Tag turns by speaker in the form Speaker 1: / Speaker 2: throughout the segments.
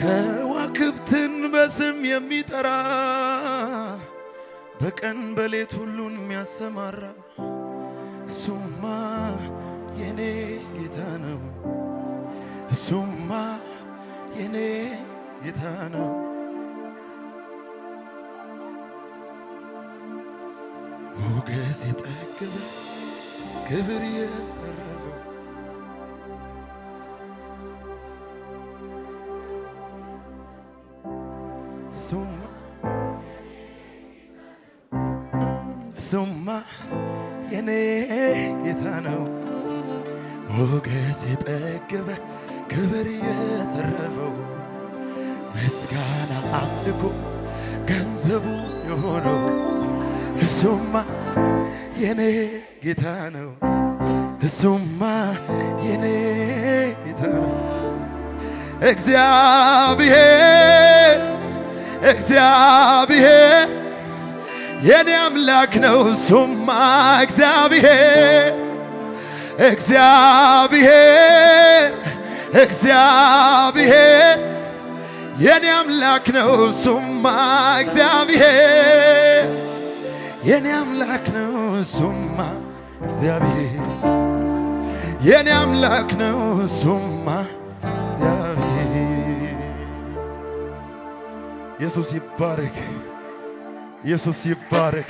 Speaker 1: ከዋክብትን በስም የሚጠራ በቀን በሌት ሁሉን የሚያሰማራ እሱማ የኔ ጌታ ነው። እሱማ የኔ ጌታ ነው። ሞገስ የጠገበ ክብር የተረፈው የኔ ጌታ ነው ሞገስ የጠገበ ክብር የተረፈው ምስጋና አምልኮ ገንዘቡ የሆነው እሱማ የኔ ጌታ ነው እሱማ የኔ ጌታ ነው እግዚአብሔር እግዚአብሔር የኔ አምላክ ነው ሱማ እግዚአብሔር እግዚአብሔር እግዚአብሔር የኔ አምላክ ነው ሱማ እግዚአብሔር የኔ አምላክ ነው እሱማ እግዚአብሔር የኔ አምላክ ነው እሱማ እግዚአብሔር ኢየሱስ ይባረክ። Иисус Ебарек.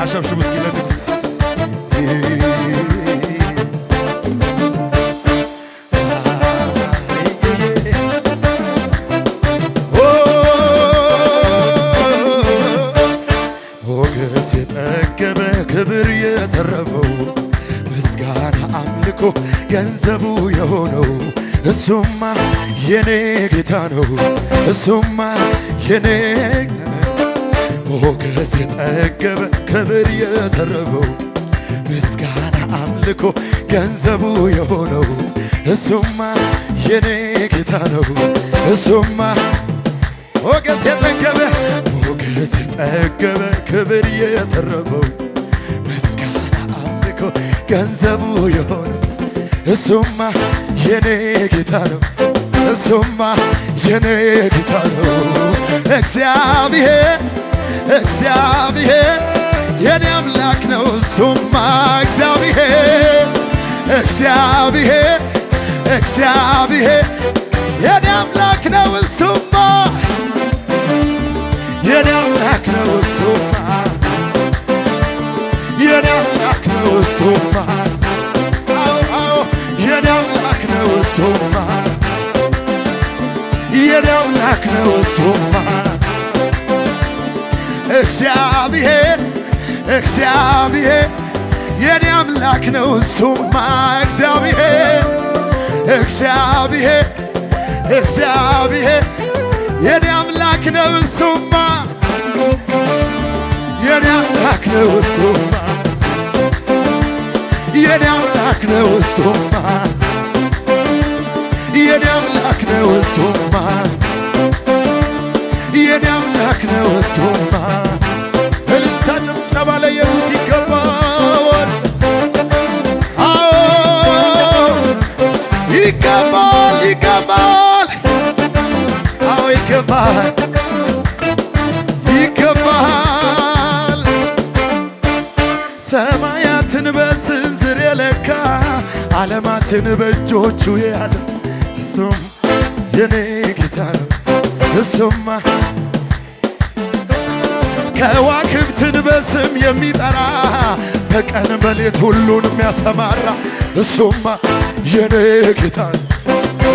Speaker 1: Așa și muschile de ገንዘቡ የሆነው እሱማ የኔ ጌታ ነው። እሱማ የኔ ሞገስ የጠገበ ክብር የተረፈው ምስጋና አምልኮ ገንዘቡ የሆነው እሱማ የኔ ጌታ ነው። እሱማ ሞገስ የጠገበ ሞገስ የጠገበ ክብር የተረፈው ምስጋና አምልኮ ገንዘቡ የሆነው እሱማ የኔ ጌታ ነው፣ እሱማ የኔ ጌታ ነው። እግዚአብሔር እግዚአብሔር የኔ አምላክ ነው። እሱማ እግዚአብሔር እግዚአብሔር እግዚአብሔር የኔ አምላክ ነው። እሱማ የኔ አምላክ ነው እሱማ እግዚአብሔር እግዚአብሔር እግዚአብሔር የኔ አምላክ ነው እሱማ የኔ አምላክ ነው እሱማ የኔ አምላክ ነው እሱማ የኔ አምላክ ነው እሱማ የኔ አምላክ ነው እሱማ እልልታ ጭብጨባ ለኢየሱስ ይገባል፣ አዎ ይገባል፣ ይገባል። ሰማያትን በስንዝር የለካ ዓለማትን በእጆቹ የያዘ እሱም የኔ ጌታ ነው። እሱማ ከዋክብትን በስም የሚጠራ በቀን በሌት ሁሉን የሚያሰማራ እሱማ የኔ ጌታ ነው።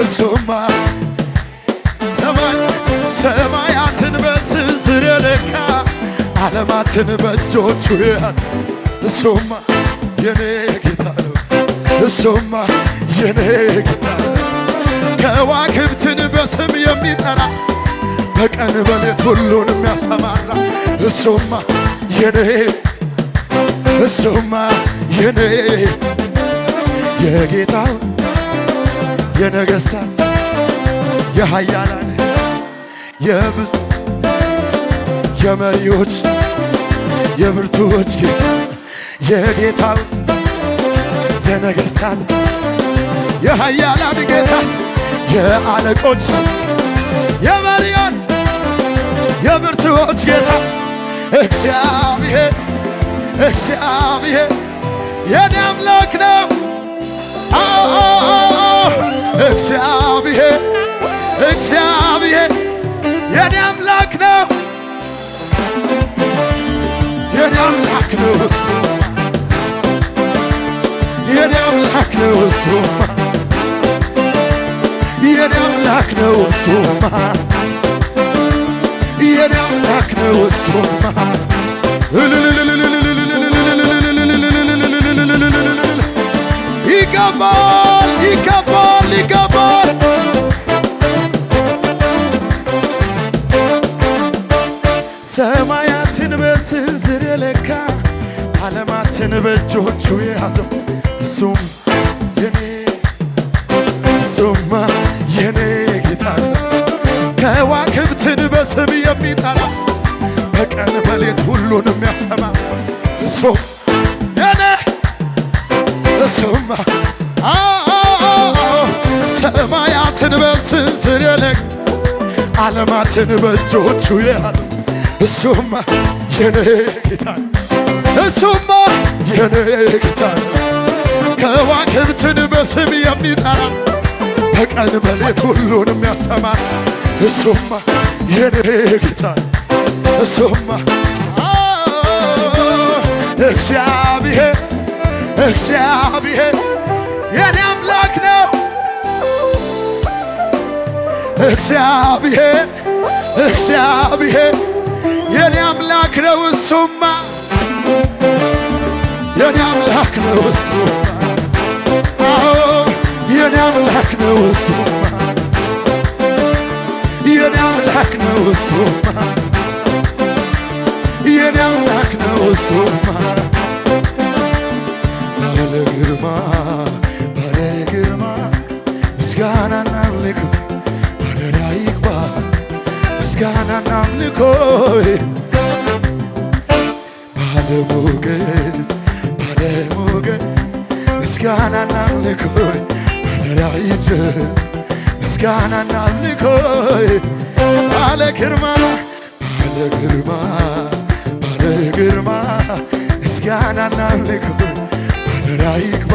Speaker 1: እሱማ ሰማያትን በስንዝር የለካ ዓለማትን በእጆቹ ያዘ እሱማ የኔ ጌታ ነው። እሱማ የኔ ጌታ ከዋክብትን በስም የሚጠራ በቀን በሌት ሁሉን የሚያሰማራ እሱማ የኔ እሱማ የኔ የጌታ የነገስታት የሃያላን የብዙ የመሪዎች የብርቱዎች ጌታ የጌታው የነገስታት የሃያላን ጌታ የአለቆች የመሪዎች የብርቱዎች ጌታ እግዚአብሔር እግዚአብሔር አምላክን እርሱም የኔ አምላክ ነው እርሱም የኔ አምላክ ነው እርሱም የኔ አምላክ ነው እርሱም ይገባል ይገባል ይገባል ሰማያትን በስንዝር የለካ ዓለማትን በእጆቹ የያዘው እሱም የኔ እሱማ የኔ ጌታ ከዋክብትን በስም የሚጠራ በቀን በሌት ሁሉንም ያሰማ እሱም የኔ እሱማ ሰማያትን በስንዝር የለቅ ዓለማትን በእጆቹ የያዘው እሱማ የኔ ጌታ እሱማ የኔ ጌታ ነው። ከዋክብትን በስም የሚጠራ በቀን በሌት ሁሉን የሚያሰማ እሱማ የኔ ጌታ እሱማ እግዚአብሔር እግዚአብሔር የኔ አምላክ ነው። እግዚአብሔር እግዚአብሔር የኔ አምላክ ነው። እሱማ ነው እሱ የኔ አምላክ ነው እሱ የኔ አምላክ ነው እሱ የኔ አምላክ ነው እሱ ባለ ግርማ ባለ ግርማ ምስጋና እናምልክ አደራ ይግባ ምስጋና እናምልኮ ባለሙ ምስጋናና አምልኮይ አደራይድ ምስጋናና አምልኮይ ባለ ግርማ ባለ ግርማ ባለ ግርማ ምስጋናና አምልኮይ አደራይግባ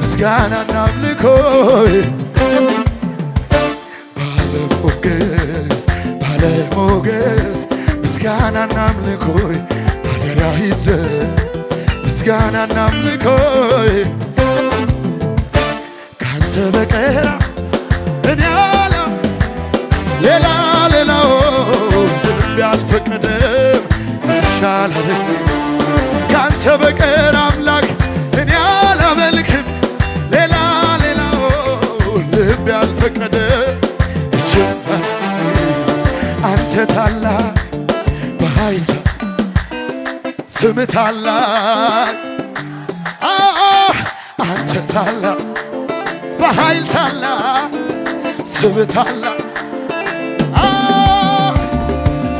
Speaker 1: ምስጋናና አምልኮይ ባለ ሞገስ ባለ ሞገስ ምስጋናና አምልኮይ አደራይድ ምስጋናና አምልኮይ በቀራ እኔ አላም ሌላ ሌላው ልብ ያልፈቀደም ይሻላል ካንተ በቀር አምላክ እኔ አላመልክም ሌላ ሌላው ልብ ያልፈቀደ አንተ ታላቅ በኃይል ስም ታላቅ አንተ ታላቅ ስብታላ ስብታላ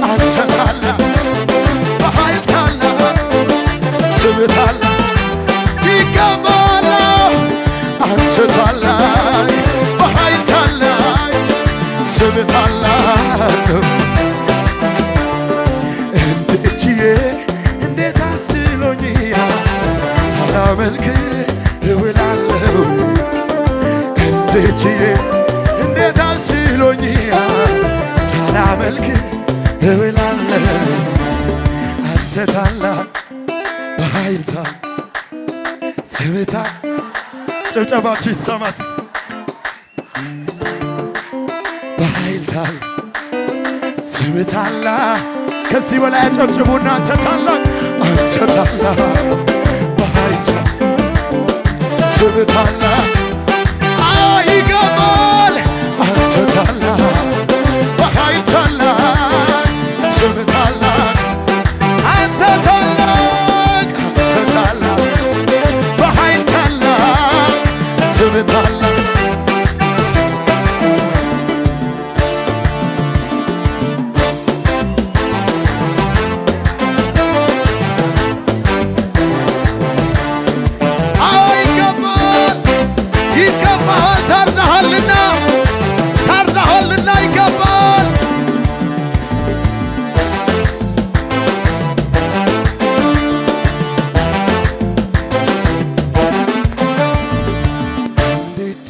Speaker 1: አንተታላ በኃይልታላ ስብታላ ይገባላ አንተታላ በኃይልታላ ስብታላ አንቺ እንዴት አስችሎኛል ሳላመልክ እውላለሁ። አንተ ታላቅ በኃይል ታላቅ ስብታ ጭብጨባችሁ ይሰማስ በኃይል ታላቅ ከዚህ በላይ አጨብጭቡና አንተ ታላቅ አንተ ታላቅ በኃይል ታላቅ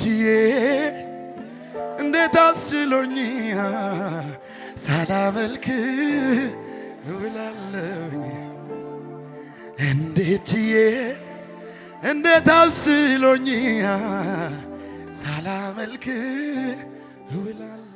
Speaker 1: ቤትዬ እንዴት አስችሎኝ ሳላመልክ እውላለሁ። እንዴትዬ እንዴት አስችሎኝ ሳላመልክ እውላለሁ።